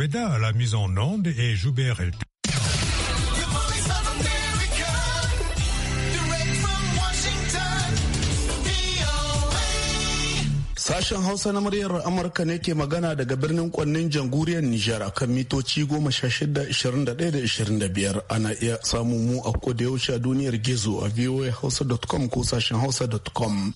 Veda à la mise en onde et Joubert El Sashen Hausa na muryar Amurka ne ke magana daga birnin kwannin jamhuriyar Nijar akan mitoci goma sha shida ishirin da ɗaya da ishirin da biyar ana iya samun mu a kodayaushe a duniyar gizo a voahausa.com ko sashen hausa.com.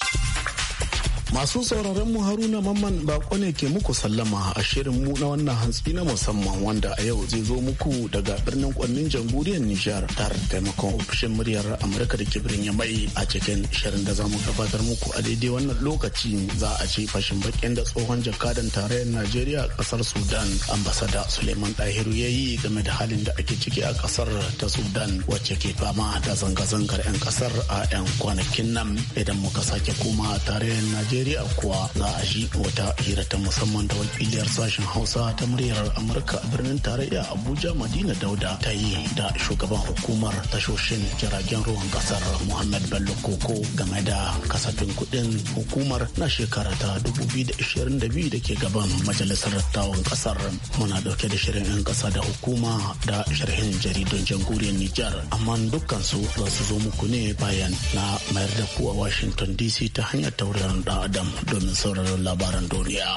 Masu sauraron mu Haruna Mamman bako ne ke muku sallama a shirin mu na wannan hantsi na musamman wanda a yau zai zo muku daga birnin kwannin jamhuriyar Nijar tare da taimakon ofishin muryar Amurka da ke birnin Yamai a cikin shirin da za mu gabatar muku a daidai wannan lokaci za a ce fashin bakin da tsohon jakadan tarayyar Najeriya a kasar Sudan ambasada Suleiman Dahiru ya yi game da halin da ake ciki a kasar ta Sudan wacce ke fama da zanga-zangar 'yan kasar a 'yan kwanakin nan idan muka sake koma tarayyar Najeriya najeriya kuwa za a ji wata hira ta musamman da wakiliyar sashen hausa ta muryar amurka a birnin tarayya abuja madina dauda ta yi da shugaban hukumar tashoshin jiragen ruwan kasar muhammad bello koko game da kasafin kudin hukumar na shekara ta 2022 da ke gaban majalisar dattawan kasar muna dauke da shirin 'yan kasa da hukuma da sharhin jaridun jamhuriyar nijar amma dukkan su za su zo muku ne bayan na mayar da kuwa washington dc ta hanyar tauraron da adam domin sauraron labaran duniya.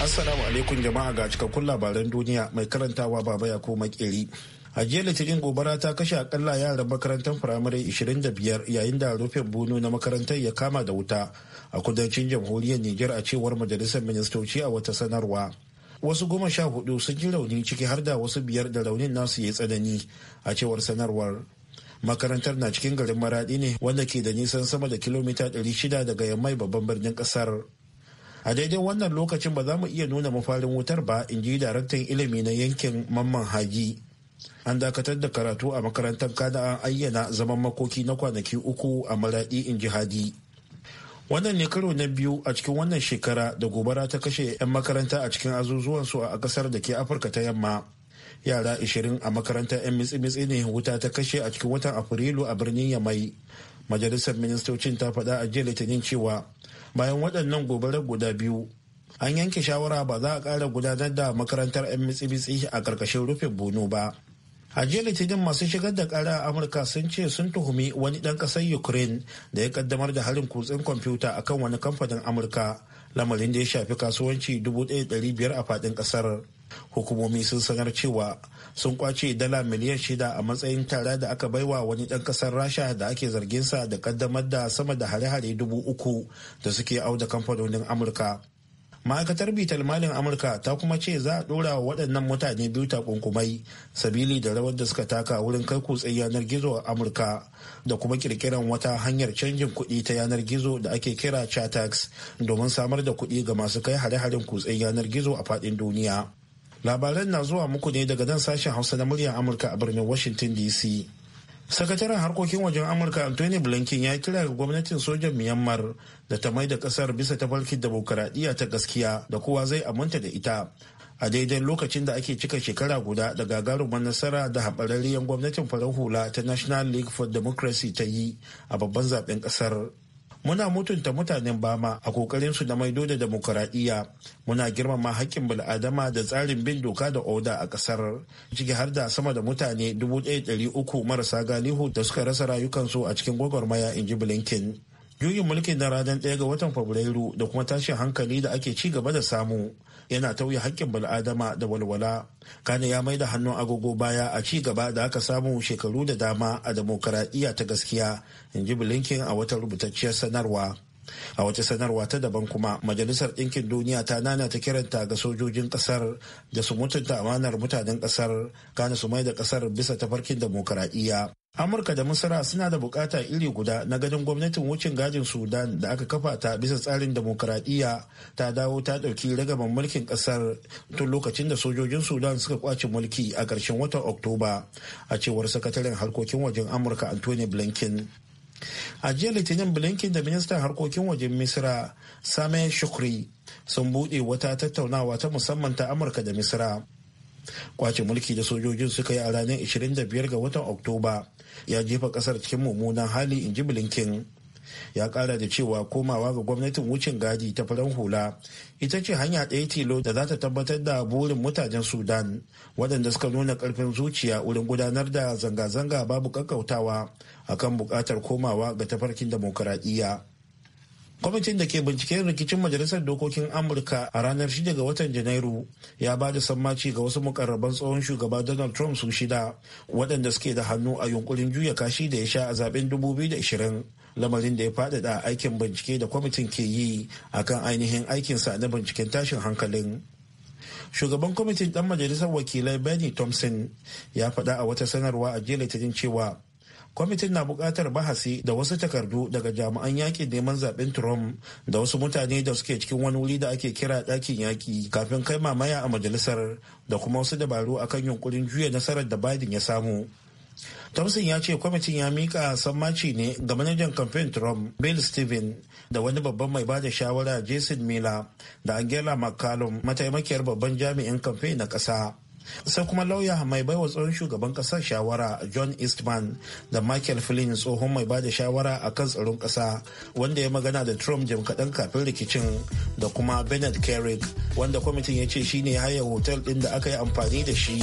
Assalamu alaikum jama'a ga cikakkun labaran duniya mai karantawa baba ya koma makeri. a jiya litinin gobara ta kashe akalla yaran makarantar firamare 25 yayin da rufin bunu na makarantar ya kama da wuta a kudancin jamhuriyar nijar a cewar majalisar ministoci a wata sanarwa wasu goma sha hudu sun ji rauni ciki har da wasu biyar da raunin nasu ya tsanani a cewar sanarwar makarantar na cikin garin maradi ne wanda ke da nisan sama da kilomita 600 daga yammai babban birnin kasar a daidai wannan lokacin ba za mu iya nuna mafarin wutar ba in ji daraktan ilimi na yankin mamman haji an dakatar da karatu a makarantar kada an ayyana zaman makoki na kwanaki uku a maradi in ji hadi wannan ne karo na biyu a cikin wannan shekara da gobara ta kashe 'yan makaranta a cikin azuzuwansu a kasar da ke afirka ta yamma yara 20 a makarantar 'yan mitsi-mitsi ne wuta ta kashe a cikin watan afrilu a birnin yamai majalisar ministocin ta faɗa a jiya litinin cewa bayan waɗannan gobarar guda biyu an yanke shawara ba za a ƙara gudanar da makarantar 'yan mitsi-mitsi a ƙarƙashin rufe bono ba a jiya litinin masu shigar da ƙara a amurka sun ce sun tuhumi wani ɗan ƙasar ukraine da ya ƙaddamar da harin kutsen kwamfuta akan wani kamfanin amurka lamarin da ya shafi kasuwanci 1,500 a faɗin ƙasar hukumomi sun sanar cewa sun kwace dala miliyan shida a matsayin tara da aka baiwa wani ɗan ƙasar rasha da ake zargin sa da kaddamar da sama da hare-hare dubu uku da suke auda kamfanonin amurka ma'aikatar bitar malin amurka ta kuma ce za a ɗora wa waɗannan mutane biyu takunkumai sabili da rawar da suka taka wurin kai kutsen yanar gizo a amurka da kuma kirkiran wata hanyar canjin kuɗi ta yanar gizo da ake kira chatax domin samar da kuɗi ga masu kai hare-haren kutsen yanar gizo a faɗin duniya labaran na zuwa muku ne daga nan sashen hausa na muryar amurka a birnin washington dc sakataren harkokin wajen amurka anthony blinken ya kira ga gwamnatin sojan myanmar da ta mai da kasar bisa ta tafarkin demokaradiyya ta gaskiya da kowa zai aminta da ita a daidai lokacin da ake cika shekara guda da gagarumar nasara da haɓararriyar gwamnatin farar hula ta national league for democracy ta yi a babban zaben kasar muna mutunta mutanen bama a kokarin su na maido da demokuraɗiyya muna girmama haƙƙin bil'adama da tsarin bin doka da oda a ƙasar ciki har da sama da mutane 1,300 marasa galihu da suka rasa rayukansu a cikin gwagwarmaya in ji blinken juyin mulkin na ranar ɗaya ga watan fabrairu da kuma tashin hankali da ake ci gaba da samu yana tauye hakkin bal'adama da walwala kane ya mai da hannun agogo baya a ci gaba da aka samu shekaru da dama a demokaradiyya ta gaskiya in ji bilinkin a wata rubutacciyar sanarwa a wata sanarwa ta daban kuma majalisar ɗinkin duniya ta nana ta kiranta ga sojojin ƙasar da su mutunta amanar mutanen ƙasar gane su mai da ƙasar bisa tafarkin demokuraɗiyya amurka da misra suna da bukata iri guda na ganin gwamnatin wucin gajin sudan da aka kafa ta bisa tsarin demokuraɗiyya ta dawo ta ɗauki ragaban mulkin ƙasar tun lokacin da sojojin sudan suka kwace mulki a ƙarshen watan oktoba a cewar sakataren harkokin wajen amurka anthony blinken a jiya litinin blinken da ministan harkokin wajen misra same shukri sun buɗe wata tattaunawa ta musamman ta amurka da Misira. kwace mulki da sojojin suka yi a ranar 25 ga watan oktoba ya jefa kasar cikin mummunan hali in ji blinken ya kara da cewa komawa ga gwamnatin wucin gadi ta farin hula ita ce hanya ɗaya tilo da za ta tabbatar da burin mutanen sudan waɗanda suka nuna karfin zuciya wurin gudanar da zanga-zanga babu ƙaƙƙautawa kan bukatar komawa ga tafarkin demokuraɗiyya kwamitin da ke binciken rikicin majalisar dokokin amurka a ranar 6 ga watan janairu ya ba da sammaci ga wasu mukarraban tsohon shugaba donald trump su shida waɗanda suke da hannu a yunkurin juya kashi da ya sha a zaben 2020 lamarin da ya faɗaɗa aikin bincike da kwamitin ke yi akan ainihin aikinsa na binciken tashin hankalin shugaban kwamitin ɗan majalisar wakilai benny thompson ya faɗa a wata sanarwa a jiya litinin cewa kwamitin na buƙatar bahasi da wasu takardu daga jami'an yakin neman zaben trump da wasu mutane da suke cikin wani wuri da ake kira ɗakin yaƙi kafin kai mamaya a majalisar da kuma wasu dabaru akan yunkurin juya nasarar da biden ya samu thompson ya ce kwamitin ya mika sammaci ne ga manajan kamfen trump bill steven da wani babban mai bada shawara jason miller da angela mccallum mataimakiyar babban jami'in kamfen na ƙasa sai kuma lauya mai baiwa tsohon shugaban ƙasar shawara john eastman da michael flynn tsohon mai bada shawara a kan tsaron ƙasa wanda ya magana da trump jim kaɗan kafin rikicin da kuma bennett carrick wanda kwamitin ya ce shine haya hotel ɗin da aka yi amfani da shi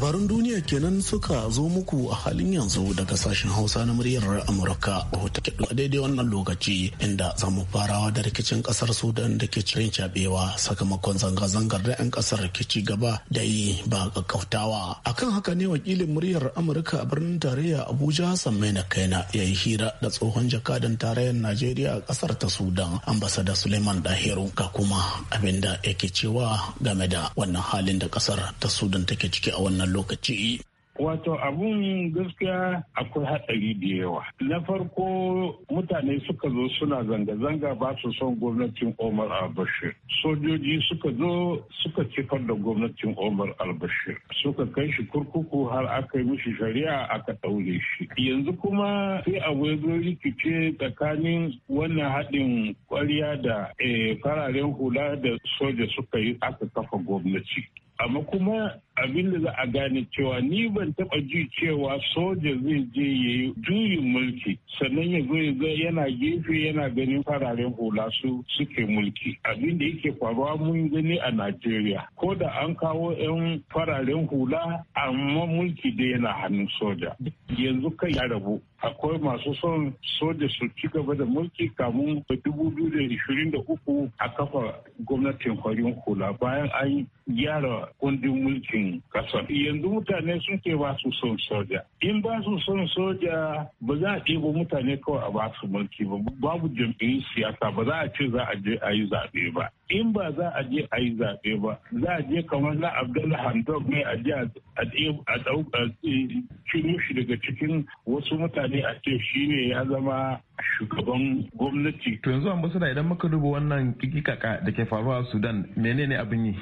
barin duniya kenan suka zo muku a halin yanzu daga sashen hausa na muryar amurka a daidai wannan lokaci inda zamu farawa da rikicin kasar sudan da ke cikin cabewa sakamakon zanga-zangar da 'yan kasar ke ci gaba da yi ba kakkautawa akan haka ne wakilin muryar amurka a birnin tarayya abuja sammai na kaina ya yi hira da tsohon jakadan tarayyar najeriya a kasar ta sudan ambasada suleiman dahiru ga kuma abinda yake cewa game da wannan halin da kasar ta sudan take ciki a wannan wannan lokaci. Wato abun gaskiya akwai hatsari da yawa. Na farko mutane suka zo suna zanga-zanga ba su son gwamnatin Omar al-Bashir. Sojoji suka zo suka kifar da gwamnatin Omar al-Bashir. Suka kai shi kurkuku har aka yi mishi shari'a aka ɗaure shi. Yanzu kuma sai a ya zo rikice tsakanin wannan haɗin ƙwarya da eh, fararen hula da soja suka yi aka kafa gwamnati. amma kuma abin da za a gane cewa ni ban taba ji cewa soja zai je ya yi juyin mulki sannan ya zo ya yana gefe yana ganin fararen hula su suke mulki abin da yake faruwa mun gani a najeriya ko da an kawo 'yan fararen hula amma mulki da yana hannun soja yanzu kai ya rabu akwai masu son soja su ci gaba da mulki kamun uku a kafa gwamnatin farin hula bayan an gyara kundin mulkin wannan kasan. Yanzu mutane sun ce ba su son soja. In ba su son soja ba za a ɗebo mutane kawai a ba su mulki ba. Babu jam'iyyar siyasa ba za a ce za a je a yi zaɓe ba. in ba za a je a yi zaɓe ba za a je kamar na abdullah hamdok ne a je a ciro shi daga cikin wasu mutane a ce shi ne ya zama shugaban gwamnati. To yanzu an idan muka duba wannan kikikaka da ke faruwa a Sudan menene abin yi?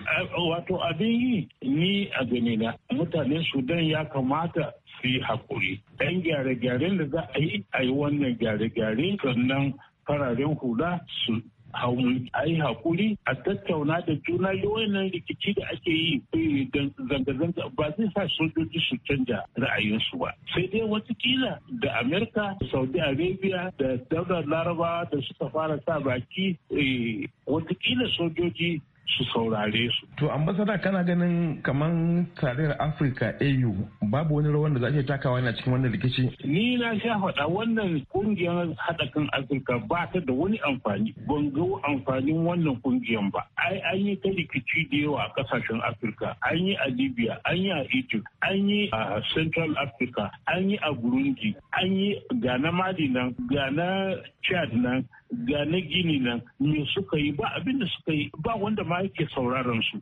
Wato abin yi ni a ganina mutanen Sudan ya kamata su yi haƙuri. Ɗan gyare-gyaren da za a yi a yi wannan gyare-gyare sannan fararen hula su Ayi a haƙuri a tattauna da juna yawanin rikici da ake yi eh, zanga-zanga ba zai sa sojoji su canja ra'ayinsu ba sai dai watakila da amerika saudi arabia da daular larabawa da suka fara sa baki eh, watakila sojoji su saurare su. To ambasada kana ganin kamar tarayyar Afirka AU babu wani rawar da za ke takawa na cikin wannan rikici? Ni na sha faɗa wannan kungiyar haɗa kan Afirka ba ta da wani amfani. Ban ga amfanin wannan kungiyar ba. Ai an yi ta rikici da yawa a ƙasashen Afirka. An yi a Libya, an yi a Egypt, an yi a Central Africa, an yi a Burundi, an yi ga na Mali nan, ga na Chad nan, ga na gini nan me suka yi ba abin da suka yi ba wanda ma yake sauraron su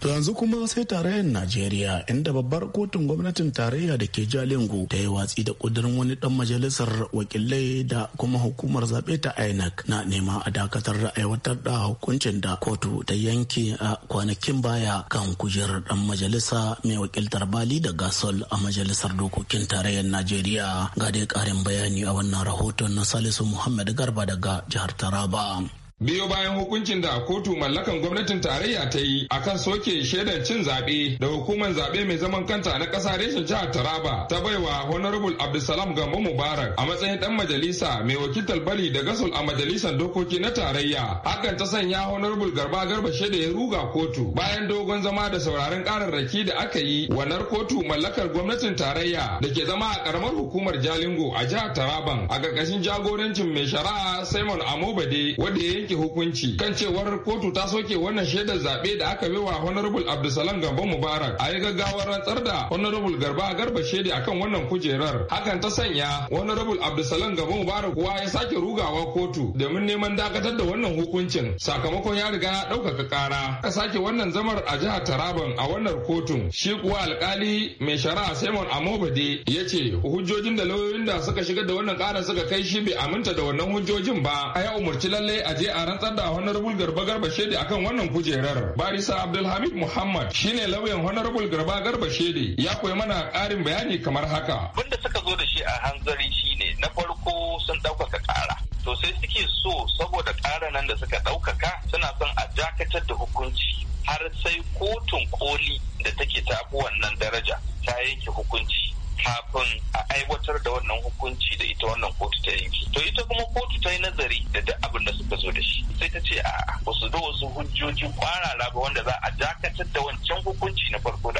To yanzu kuma sai tarayyar Najeriya inda babbar kotun gwamnatin tarayya da ke Jalingo ta yi watsi da kudirin wani dan majalisar wakilai da kuma hukumar zaɓe ta INEC na nema a dakatar da aiwatar da hukuncin da kotu ta yanke a kwanakin baya kan kujerar dan majalisa mai wakiltar Bali da Gasol a majalisar dokokin tarayyar Najeriya. Ga dai ƙarin bayani a wannan rahoton na Salisu Muhammad Garba daga jihar Taraba. biyo bayan hukuncin da kotu mallakan gwamnatin tarayya ta yi akan soke shaidar cin zaɓe da hukumar zaɓe mai zaman kanta na ƙasa reshen jihar Taraba ta baiwa Honorable Abdulsalam Gambo Mubarak a matsayin ɗan majalisa mai wakiltar Bali da Gasul a majalisar dokoki na tarayya. Hakan ta sanya Honorable Garba Garba shaida ya ruga kotu bayan dogon zama da sauraron ƙararraki da aka yi wannan kotu mallakar gwamnatin tarayya da ke zama a ƙaramar hukumar Jalingo a jihar Taraban a ƙarƙashin jagorancin mai shari'a Simon Amobade wanda ya yanke hukunci kan cewar kotu ta soke wannan shaidar zaɓe da aka bai wa honorable abdulsalam gambo mubarak a yi gaggawar rantsar da honorable garba a garba shaida akan wannan kujerar hakan ta sanya honorable abdulsalam gambo mubarak kuwa ya sake rugawa kotu domin neman dakatar da wannan hukuncin sakamakon ya riga ya ɗaukaka ƙara aka sake wannan zamar a jihar taraban a wannan kotun shi kuwa alkali mai shari'a simon amobade ya ce hujjojin da lauyoyin da suka shigar da wannan ƙara suka kai shi bai aminta da wannan hujjojin ba a ya umarci lallai a je a rantsar da honorable garba garba shede akan wannan kujerar barisa abdulhamid muhammad shine lauyan honorable garba garba shede ya koyi mana karin bayani kamar haka wanda suka zo da shi a hanzari shine na farko sun ɗaukaka ƙara to sai suke so saboda ƙara nan da suka ɗaukaka suna son a dakatar da hukunci har sai kotun koli da take tafi wannan daraja ta yanke hukunci kafin a aiwatar da wannan hukunci da ita wannan kotu ta yanki to ita kuma kotu ta yi nazari da duk abin da suka zo da shi sai ta ce a wasu da wasu hujjoji kwarara ba wanda za a dakatar da wancan hukunci na farko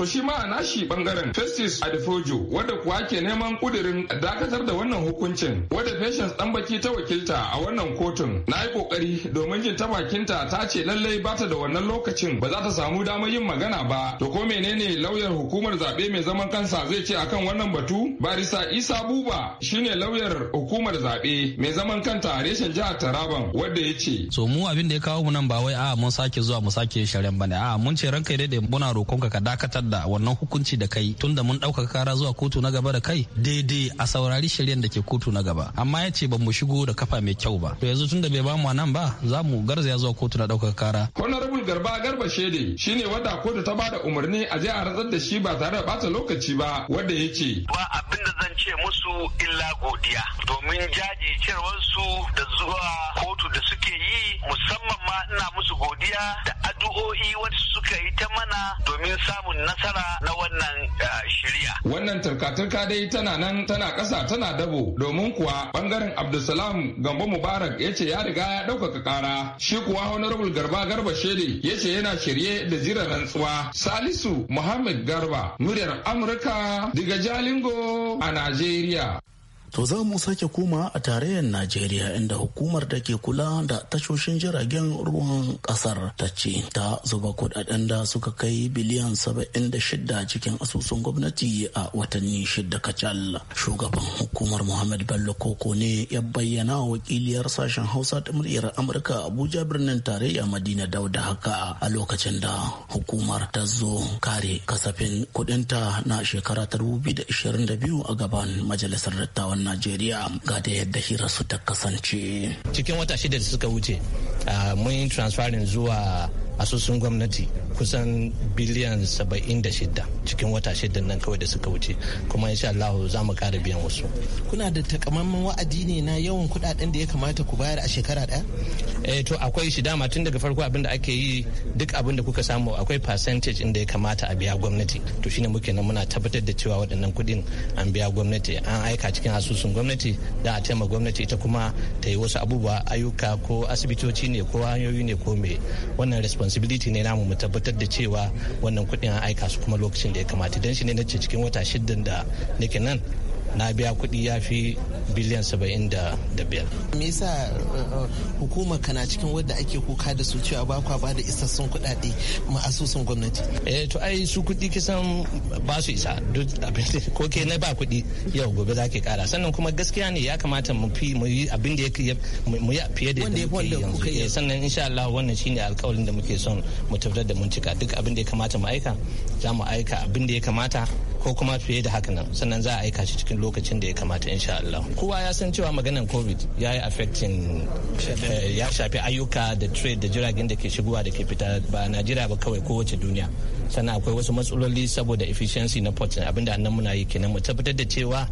To shi ma a nashi bangaren Festus Adefojo wadda kuwa ke neman kudirin dakatar da wannan hukuncin wadda Patience baki ta wakilta a wannan kotun na yi kokari domin jin ta ta ce lallai bata da wannan lokacin ba za ta samu damar yin magana ba to ko menene lauyar hukumar zaɓe mai zaman kansa zai ce akan wannan batu barisa isa buba shine lauyar hukumar zaɓe mai zaman kanta reshen jihar taraban wadda ya ce so mu abin da ya kawo mu nan ba wai a mun sake zuwa mu sake sharen bane a mun ce ranka daidai muna roƙonka ka dakatar da wannan hukunci da kai tunda mun ɗaukaka kara zuwa kotu na gaba da kai daidai a saurari shari'ar da ke kotu na gaba amma ya ce bamu mu shigo da kafa mai kyau ba to yanzu tunda bai bamu nan ba za mu garzaya zuwa kotu na ɗaukaka kara. honorable garba garba shede shine wanda kotu ta bada umarni a je a rantsar da shi ba tare da bata lokaci ba wanda ya ce. ba abin da zan ce musu illa godiya domin su da zuwa kotu da suke yi musamman ma ina musu godiya da addu'o'i wasu suka yi ta mana domin samun nasara na wannan eh, shirya. Wannan turka-turka dai tana nan tana ƙasa tana dabo domin kuwa bangaren Abdulsalam Gambo Mubarak ya ce ya riga ya ɗaukaka ƙara. Shi kuwa Honorable Garba Garba Shede ya ce yana shirye da zira rantsuwa. Salisu Muhammad Garba, muryar Amurka daga Jalingo a Najeriya. To za mu sake koma a tarayyar Najeriya inda hukumar da ke kula da tashoshin jiragen ruwan kasar ta ce ta zuba kudaden da suka kai biliyan 76 cikin asusun gwamnati a watanni shida kacal. Shugaban hukumar Muhammad Bello Koko ne ya bayyana wakiliyar sashen Hausa ta muryar Amurka Abuja birnin tarayya Madina Dauda haka a lokacin da hukumar ta zo kare kasafin kudinta na shekara 2022 a gaban majalisar dattawan tsaron najeriya ga da yadda hira su ta kasance cikin wata shida da suka wuce ah, mun transferin zuwa asusun gwamnati kusan biliyan 76 cikin wata shidan nan kawai da suka wuce kuma insha Allah za mu kara biyan wasu kuna da takamaiman wa'adi ne na yawan kuɗaɗen da ya kamata ku bayar a shekara daya eh to akwai shi dama tun daga farko abin da ake yi duk abin da kuka samu akwai percentage inda ya kamata a biya gwamnati to shine muke nan muna tabbatar da cewa waɗannan kuɗin an biya gwamnati an aika cikin asusun gwamnati da a taimaka gwamnati ita kuma ta yi wasu abubuwa ayyuka ko asibitoci ne ko hanyoyi ne ko me wannan responsibility ne namu mu tabbatar da cewa wannan kuɗin an aika su kuma lokacin da ya kamata don shi ne na cikin wata shiddan da nake nan na biya kuɗi ya fi biliyan saba'in da biyar. me yasa uh, uh, hukumar kana cikin wadda ake kuka da su cewa ba kwa ba da isassun kuɗaɗe ma asusun gwamnati. eh to ai su kuɗi kisan ba su isa duk abin ko ke na ba kuɗi yau gobe za ke kara sannan kuma gaskiya ne ya kamata mu fi mu yi abin da ya mu yi fiye da yadda yanzu eh, sannan insha Allah wannan shine alƙawarin da muke son mu tabbatar da mun cika duk abin da ya kamata mu aika za mu aika abin da ya kamata ko kuma fiye da haka nan sannan za a aika shi cikin lokacin da ya kamata insha Allah kowa ya san cewa maganan covid ya yi affecting eh, ya shafi ayyuka da trade da jiragen da ke shigowa da ke fita ba Najeriya ba kawai kowace duniya sannan akwai wasu matsaloli saboda efficiency na ports abinda annan muna yi kenan mu tabbatar da cewa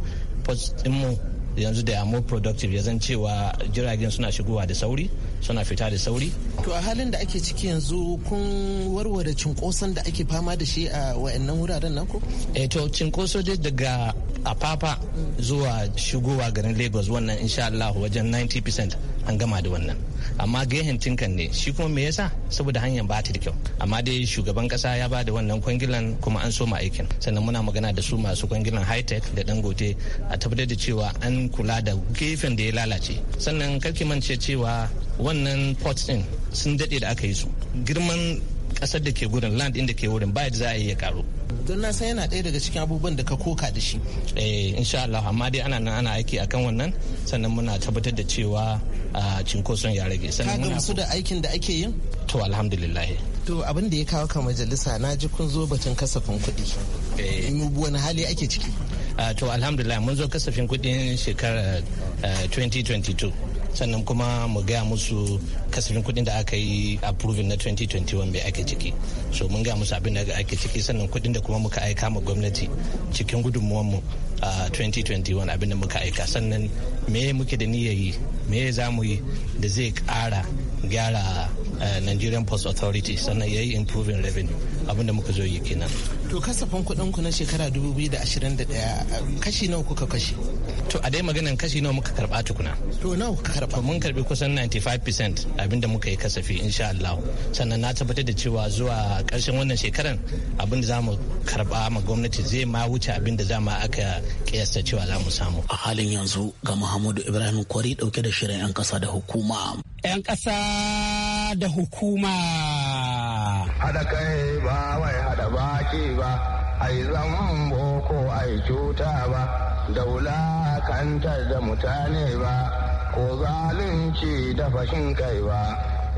din mu yanzu da more productive ya zan cewa jiragen suna shigowa da sauri suna fita da sauri to a halin da ake ciki yanzu kun warware cinkoson da ake fama da shi a wayannan wuraren nan ko eh to cinkoso dai daga papa mm. zuwa shigowa garin lagos wannan insha Allah wajen 90% an gama da wannan amma gehen tinkan ne shi kuma me yasa saboda hanyar ba ta da kyau amma dai shugaban kasa ya ba da wannan kwangilan kuma an soma aikin sannan muna magana da su masu kwangilan high tech da dangote a tabbatar da cewa an kula da gefen da ya lalace sannan karki mance cewa wannan port din sun daɗe da aka yi su girman kasar da ke gudun land inda da ke wurin bayan za a yi ya karu don na san yana daya daga cikin abubuwan da ka koka da shi eh insha Allah amma dai ana nan ana aiki akan wannan sannan muna tabbatar da cewa cinkoson ya rage sannan muna su da aikin da ake yin to alhamdulillah to abin da ya kawo ka majalisa na ji kun zo batun kasafin kuɗi eh. wani hali ake ciki to alhamdulillah mun zo kasafin kuɗin shekarar 2022 eh, sannan kuma mu gaya musu kasafin kuɗin da aka yi approving na 2021 bai ake ciki so mun gaya musu abin da ake ciki sannan kuɗin da kuma muka aika ma gwamnati cikin gudunmuwanmu a 2021 abinda muka aika sannan me muke da niyyar yi me za mu yi da zai kara gyara eh, nigerian post authority sannan ya yi improving revenue abinda muka zo yi kenan to kasafin kuɗin ku na shekara 2021 kashi nawa kuka kashi to a dai maganan kashi nawa muka karba tukuna to nawa kuka karba mun karbi kusan 95% abinda muka yi kasafi insha Allah sannan na tabbatar da cewa zuwa karshen wannan shekaran abinda za mu karba ma gwamnati zai ma wuce abinda za mu aka kiyasta cewa za mu samu. A halin yanzu ga Muhammadu Ibrahim Kwari dauke da shirin 'yan kasa da hukuma. 'Yan kasa da hukuma. Hada kai ba wai haɗa baki ba, ai zaman boko ai cuta ba, daula kantar da mutane ba, ko zalunci da fashin kai ba,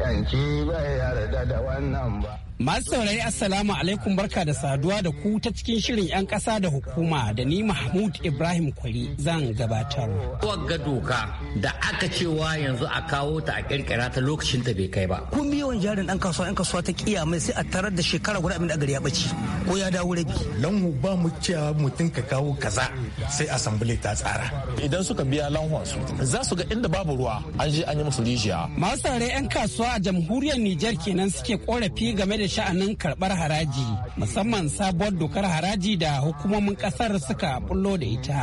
yanci bai yarda da wannan ba. Masu saurari Assalamu alaikum barka da saduwa da ku ta cikin shirin 'yan ƙasa da hukuma da ni Mahmud Ibrahim Kwari zan gabatar. Wagga doka da aka cewa yanzu a kawo ta a kirkira ta lokacin ta bai kai ba. Ko miyawan jarin ɗan kasuwa 'yan kasuwa ta kiya mai sai a tarar da shekara guda abin da gari ya ɓace ko ya dawo rabi. Lanhu ba mu cewa mutum ka kawo kaza sai asambile ta tsara. Idan suka biya lanhuwan su za su ga inda babu ruwa an je an yi musu rijiya. Masu saurari 'yan kasuwa a jamhuriyar Nijar kenan suke korafi game da sha'anin karɓar haraji musamman sabuwar dokar haraji da hukumomin ƙasar suka bullo da ita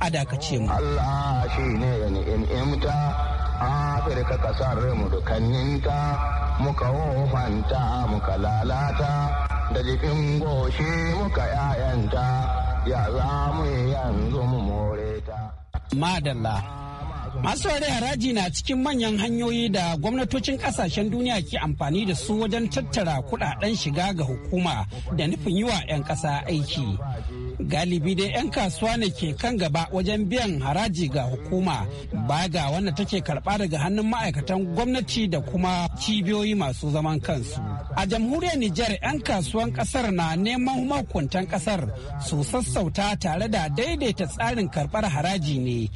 a dakace mu. Allah shi ne Afirka kasar mu dukanninta muka wofanta muka lalata da jikin goshi muka 'ya'yanta ya za mu yanzu mu more ta. Madalla Masu ware haraji na cikin manyan hanyoyi da gwamnatocin kasashen duniya ke amfani da su wajen tattara kudaden shiga ga hukuma da nufin yi wa 'yan ƙasa aiki. galibi dai 'yan kasuwa ne ke kan gaba wajen biyan haraji ga hukuma ba ga wanda take karba daga hannun ma'aikatan gwamnati da kuma cibiyoyi masu zaman kansu a jamhuriyar nijar 'yan kasuwan kasar na neman mahukuntan kasar su sassauta tare da daidaita tsarin karbar haraji ne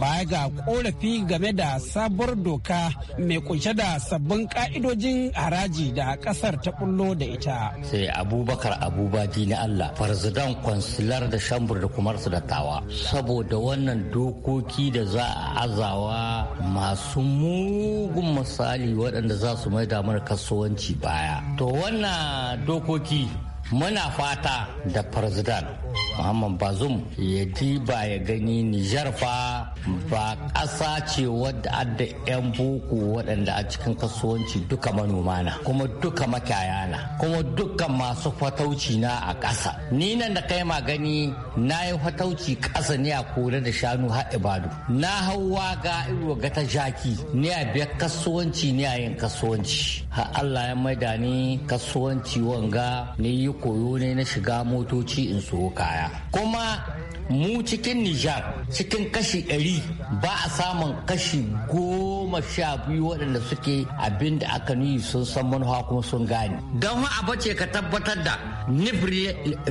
baya ga korafi game da sabuwar doka mai kunshe da sabbin ka'idojin haraji da kasar ta kullo da ita sai abubakar abubadi na allah farzidan kwansila lar da shambur da kuma su da tawa saboda wannan dokoki da za a azawa masu mugun misali waɗanda za su maida mana kasuwanci baya to wannan dokoki muna fata da president muhammad bazum ya diba ya gani nijar fa ba ƙasa ce wadda adda 'yan boko waɗanda a cikin kasuwanci duka manoma na kuma duka makaya na kuma duka masu fatauci na a ƙasa ni nan da kai gani na yi fatauci ƙasa ne a kore da shanu har ibadu na hauwa ga iro ga ta jaki ne a biyar kasuwanci ne a yin kasuwanci har allah ya maida ni kasuwanci wanga ne yi koyo ne na shiga motoci in so kaya kuma mu cikin nijar cikin kashi ɗari ba a samun kashi goma sha biyu waɗanda suke abin da aka nuyi sun san manufa kuma sun gane don ma abu ce ka tabbatar da nif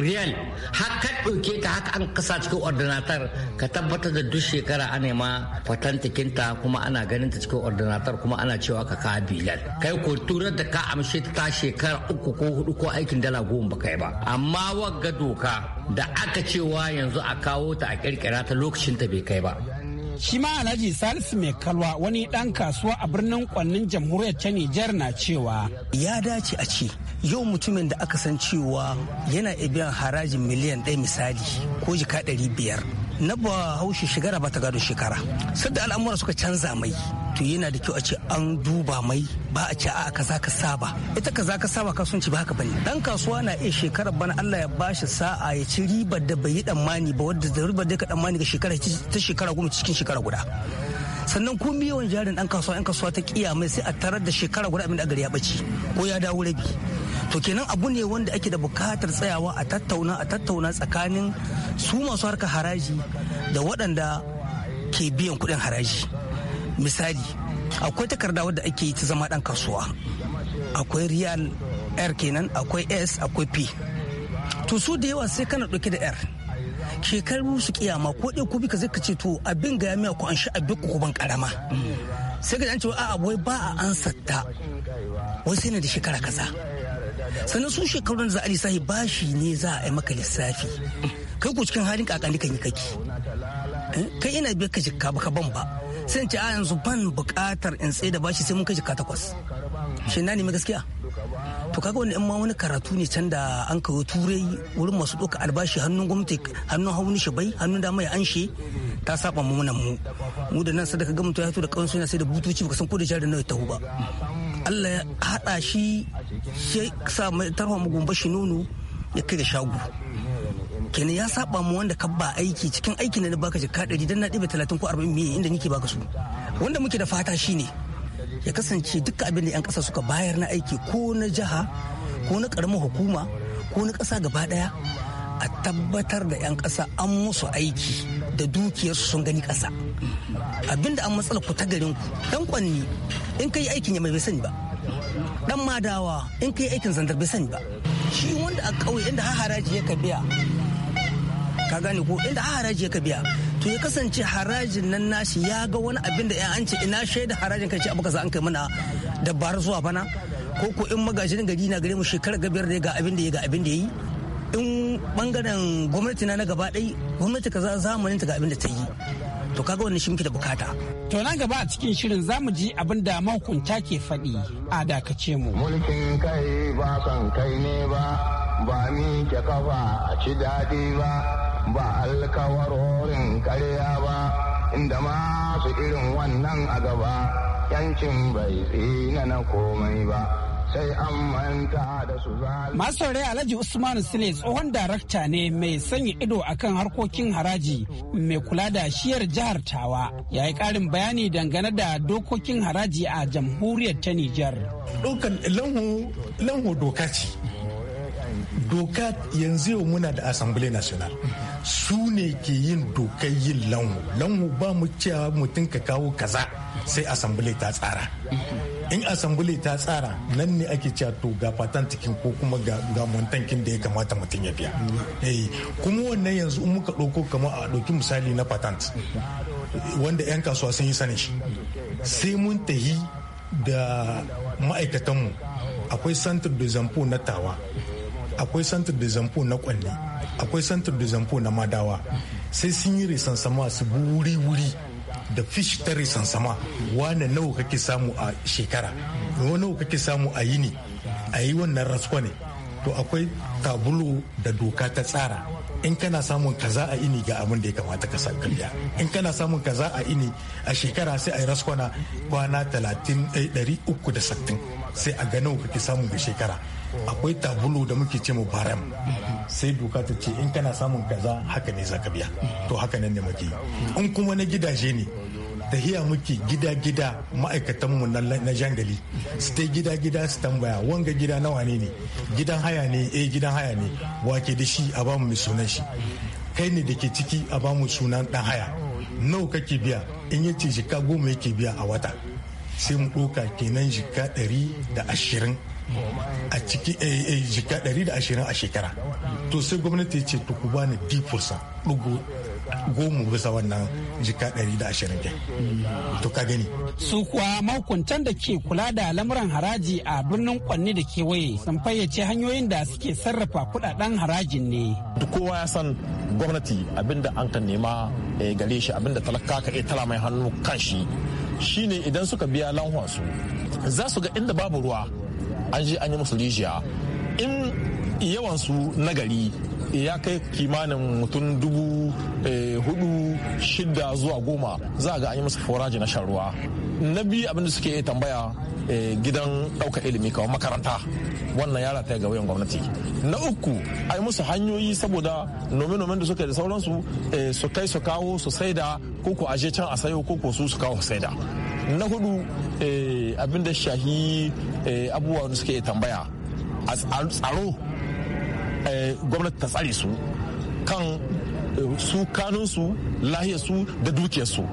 real haka ɗauke ta haka an kasa cikin ordinatar ka tabbatar da duk shekara ana ma fatantakinta kuma ana ganin ta cikin ordinatar kuma ana cewa ka ka bilal kai ko turar da ka amshe ta shekara uku ko hudu ko aikin dala goma ba kai ba amma wagga doka da aka cewa yanzu a kawo ta a kirkira ta lokacin ta bai kai ba shi ma alhaji salisu mai kalwa wani ɗan kasuwa a birnin kwannin jamhuriyar ta nijar na cewa ya dace a ce yau mutumin da aka san cewa yana biyan harajin miliyan ɗaya misali ko jika ɗari biyar na ba haushi shigara ba ta gado shekara sadda al'amura suka canza mai to yana da kyau a ce an duba mai ba a ce a kaza ka saba ita kaza ka saba kasuwanci ba haka bane dan kasuwa na iya shekarar bana Allah ya bashi sa'a ya ci ribar da bai yi tsammani ba wadda da ribar da ka damani ga shekara ta shekara goma cikin shekara guda sannan ko yawan jarin dan kasuwa yan kasuwa ta kiya mai sai a tarar da shekara guda abin da gari ya bace ko ya dawo rabi to kenan abu ne wanda ake da bukatar tsayawa a tattauna a tattauna tsakanin su masu harka haraji da waɗanda ke biyan kuɗin haraji misali akwai takarda wadda ake yi ta zama dan kasuwa akwai real r kenan akwai s akwai p to su da yawa sai kana ɗauke da r shekaru su kiyama ko ɗaya ko ka zai ka ce to abin ga ya ko an sha abin ku ban karama sai ka ce a'a wai ba a an satta wai sai na da shekara kaza sannan su shekarun da za a lissafi shi ne za a yi maka lissafi kai ku cikin halin kakanni kan yi kaki eh, kai ina biyar ka jikka ka ban ba sun ce a yanzu ban bukatar in tsaye da bashi sai mun kai jika takwas shi na nemi gaskiya to kaga wani in ma wani karatu ne can da an kawo turai wurin masu ɗauka albashi hannun gwamnati hannun hauni shi bai hannun dama ya anshe ta saba mu nan mu mu da nan sadaka gamu ya fito da kansu yana sai da butoci baka san ko da jari nawa ya taho ba Allah ya haɗa shi ya sa mai tarwa mu gumbashi nono ya kai da shago kenan ya saba mu wanda ka ba aiki cikin aikin da na baka jaka ɗari dan na ɗiba talatin ko arba'in miliyan inda nake baka su wanda muke da fata shine ya kasance duk abin da 'yan kasa suka bayar na aiki ko na jiha ko na ƙaramin hukuma ko na ƙasa gaba ɗaya a tabbatar da 'yan kasa an musu aiki da dukiyarsu sun gani ƙasa abinda an matsala ku ta garin ku dan kwanni in kai aikin ya mai sani ba dan madawa in kai aikin zandar bai sani ba shi wanda a ƙauye inda har haraji ya biya ka gane ko inda haraji ka biya to ya kasance harajin nan nashi ya ga wani abin da ya an ce ina shaida harajin kai ce abu kaza an kai mana dabbar zuwa bana ko ko in magajin gari na gare mu shekarar gabiyar da ga abin da ya ga abin da ya yi in bangaren gwamnati na na gaba dai gwamnati kaza zamanin ta ga abin da ta yi to kaga wannan shi muke da bukata to nan gaba a cikin shirin zamu ji abin da mahukunta ke faɗi a dakace mu mulkin kai ba kan kai ne ba ba ni ke kafa a ci daɗi ba ba alkawarorin karya ba inda masu irin wannan a gaba yancin bai tsina na komai ba sai an manta da su rai Alhaji Usman Sule tsohon darakta ne mai sanya ido a kan harkokin haraji mai kula da shiyar jihar Tawa ya yi karin bayani dangane da dokokin haraji a jamhuriyar ta Nijar. Dokan lanho doka yanzu yau muna da Assembly national. su ne ke yin dokar yin lanhu lanhu ba mu cewa mutum ka kawo kaza sai asambule ta tsara in asambule ta tsara nan ne ake cewa to ga fatantikin ko kuma ga montankin da ya kamata mutum ya biya eh, kuma wannan yanzu in muka ɗauko kamar a ɗauki misali na patent wanda 'yan kasuwa sun yi sani shi sai mun tahi da ma'aikatanmu akwai santar da zampo na tawa akwai santar da zamfo na kwalli akwai santar da zamfo na madawa sai sun yi resansama su wuri-wuri da fish ta resansama wane nawa kake samu a shekara nawa kake samu a yini a yi wannan rasko ne to akwai tabulu da doka ta tsara in kana samun kaza a ini ga abin da ya kamata ka san in kana samun kaza a ini a shekara sai a yi raskwana kwana talatin eh, uku da sai a ga nawa kake samu ga shekara akwai tabulu da muke ce mu baram sai doka ta ce in kana samun kaza haka ne zaka biya to haka nan ne muke in kuma na gidaje ne da hiya muke gida-gida ma'aikatanmu na jangali su ta gida-gida su tambaya wanga gida nawa ne ne gidan haya ne eh gidan haya ne wake da shi a bamu mu sunan shi kai ne da ke ciki a bamu sunan dan haya nawa kake biya in ya ce jika goma yake biya a wata sai mu ɗoka kenan jika ɗari da ashirin a ciki eh, eh, jika 120 a shekara to sai gwamnati ce to ku bani d ɗugu goma bisa wannan jika 120 kai. to ka gani su kuwa mahukuntan da ke kula da lamuran haraji a birnin kwanni da kewaye sun fayyace hanyoyin da suke sarrafa kudaden harajin ne duk kowa ya san gwamnati abinda an ka nema eh, gare shi abinda talaka ka iya tala mai hannu kan shi shine idan suka biya lanhuwa su za su ga inda babu ruwa an je an yi musu rijiya in yawansu na gari ya kai kimanin mutum dubu eh, hudu shida zuwa goma za a ga an yi musu foraji na shan ruwa na biyu abinda suke tambaya eh, gidan ɗaukar ilimi kawai makaranta wannan yara ta ga gwamnati na uku ai musu hanyoyi saboda nome-nomen da suka da sauransu eh, su kai su kawo su saida koko aje can a sayo koko su su kawo saida na hudu eh, abin eh, da shahi abubuwa wanda suke tambaya a tsaro eh, gwamnati ta tsare su kan su kanunsu lahiyarsu da dukiyarsu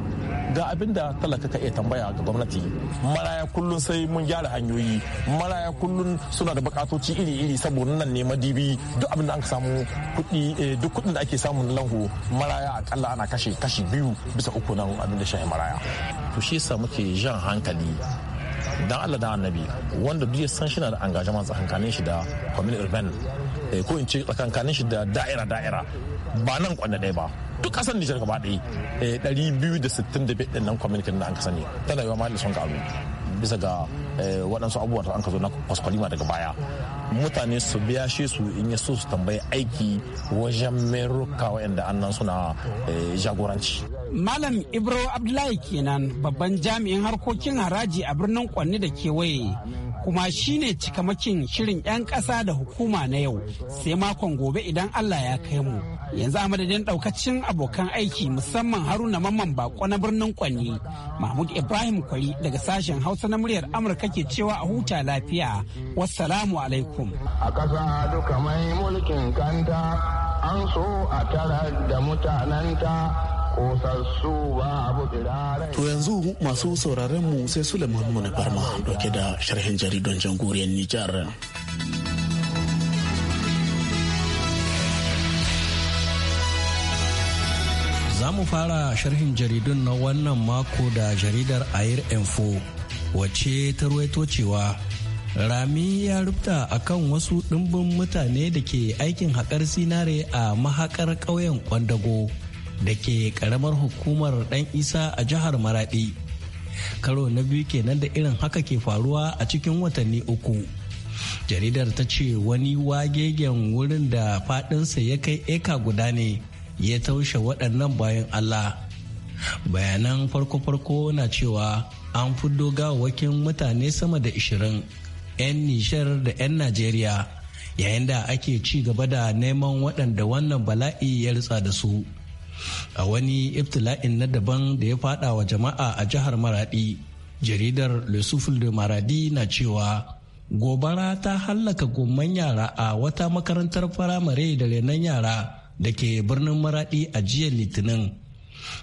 ga abin da talaka ka iya tambaya ga gwamnati maraya kullun sai mun gyara hanyoyi maraya kullun suna da bukatoci iri-iri saboda nan ne madibi duk abin da aka samu kuɗi eh, duk kuɗin da ake samun lanhu maraya akalla ana kashe kashi biyu bisa uku na abin da shahi maraya to shi yasa muke jan hankali dan Allah da annabi wanda duk ya san shi na da angajaman tsakankanin shi da community urban eh, ko in ce tsakankanin shi da da'ira da'ira ba nan kwanne ɗaya ba duk kasan Nijar gaba ɗaya eh, ɗari biyu da sittin da ɗin nan kwamitin da an ka sani tana yawa ma sun karu bisa ga eh, waɗansu abubuwa da an ka zo na kwaskwalima daga baya mutane su biya shi su in yi su su tambayi aiki wajen meruka waɗanda annan suna eh, jagoranci. Malam Ibro Abdullahi kenan babban jami'in harkokin haraji a birnin Kwanni da kewaye kuma shi ne cikamakin shirin 'yan ƙasa da hukuma na yau sai makon gobe idan Allah ya kai mu. yanzu a madadin daukacin abokan aiki musamman haruna mamman bako na birnin kwanni mahmud ibrahim kwari daga sashen hausa na muryar amurka ke cewa a huta lafiya wassalamu alaikum a ƙasa duka mai mulkin kanta an so a tara da mutananta To yanzu masu sauraron mu sai Suleiman Mumuna Barma doke da sharhin jaridon jamhuriyar Nijar. Za mu fara sharhin jaridun na wannan mako da jaridar Air Info wacce ta ruwaito cewa Rami ya rubuta akan wasu ɗimbin mutane da ke aikin haƙar sinare a mahaƙar ƙauyen Kwandago da ke ƙaramar hukumar ɗan isa a jihar Maraɗi. Karo na biyu kenan da irin haka ke faruwa a cikin watanni uku. Jaridar ta ce wani wagegen wurin da faɗinsa ya kai eka guda ne. ya taushe waɗannan bayan Allah. Bayanan farko-farko na cewa an fuddo gawawakin mutane sama da 20 'yan nishar da 'yan Najeriya yayin da ake ci gaba da neman waɗanda wannan bala'i ya ritsa da su. A wani iftila'in na daban da ya fada wa jama'a a jihar Maradi, jaridar Le Souffle de Maradi na cewa gobara ta hallaka gomman yara a wata makarantar firamare da renon yara da ke birnin maradi a jiya litinin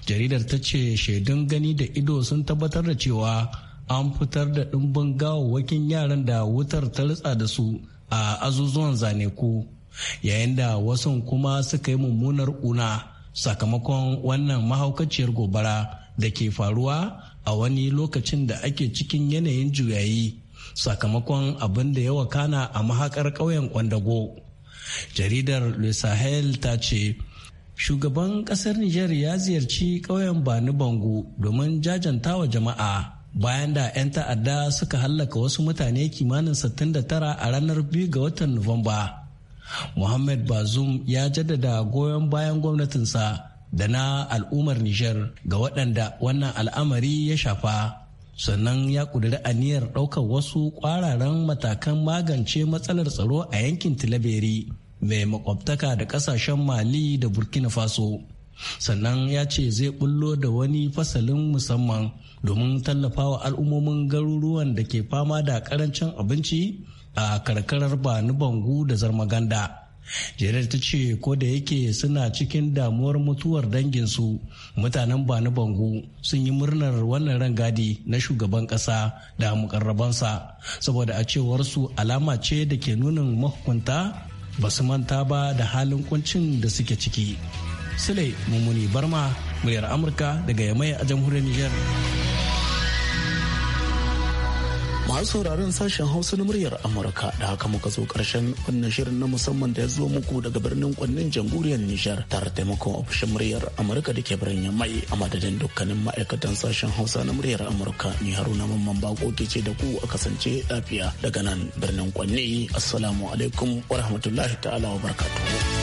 jaridar ta ce shaidun gani da ido sun tabbatar da cewa an fitar da ɗimbin gawawwakin yaran da wutar ta ritsa da su a azuzuwan zane zaneku yayin da wasu kuma suka yi mummunar ƙuna sakamakon wannan mahaukaciyar gobara da ke faruwa a wani lokacin da ake cikin yanayin juyayi sakamakon abin da ya wakana a mahakar ƙauyen kwandago jaridar le sahel ta ce shugaban kasar Nijar ya ziyarci ƙauyen bani bango domin jajantawa jama'a bayan da 'yan ta'adda suka hallaka wasu mutane kimanin 69 a ranar 2 ga watan nuwamba muhammad bazum ya jaddada goyon bayan gwamnatinsa da na al'ummar Nijar ga waɗanda wannan al'amari ya shafa sannan ya ƙudiri aniyar ɗaukar wasu ƙwararan matakan magance matsalar tsaro a yankin tilaberi mai makwabtaka da ƙasashen mali da burkina faso sannan ya ce zai bullo da wani fasalin musamman domin tallafawa al'ummomin garuruwan da ke fama da karancin abinci a karkarar banu bangu da zarmaganda jerar ta ce ko da yake suna cikin damuwar mutuwar danginsu mutanen bani bango sun yi murnar wannan rangadi na shugaban kasa da mukarrabansa saboda a cewar su alama ce da ke nunin mahukunta ba su manta ba da halin kuncin da suke ciki sule mummuni barma muryar amurka daga yamai a jamhuriyar niger masu sauraron sashen hausa na muryar amurka da haka muka zo karshen wannan shirin na musamman da ya zo muku daga birnin kwannin jamhuriyar nijar tare taimakon ofishin muryar amurka da ke birnin mai a madadin dukkanin ma'aikatan sashen hausa na muryar amurka ni haruna mamman bako ke ce da ku a kasance lafiya daga nan birnin kwanne assalamu alaikum wa rahmatullahi ta'ala wa barkatu.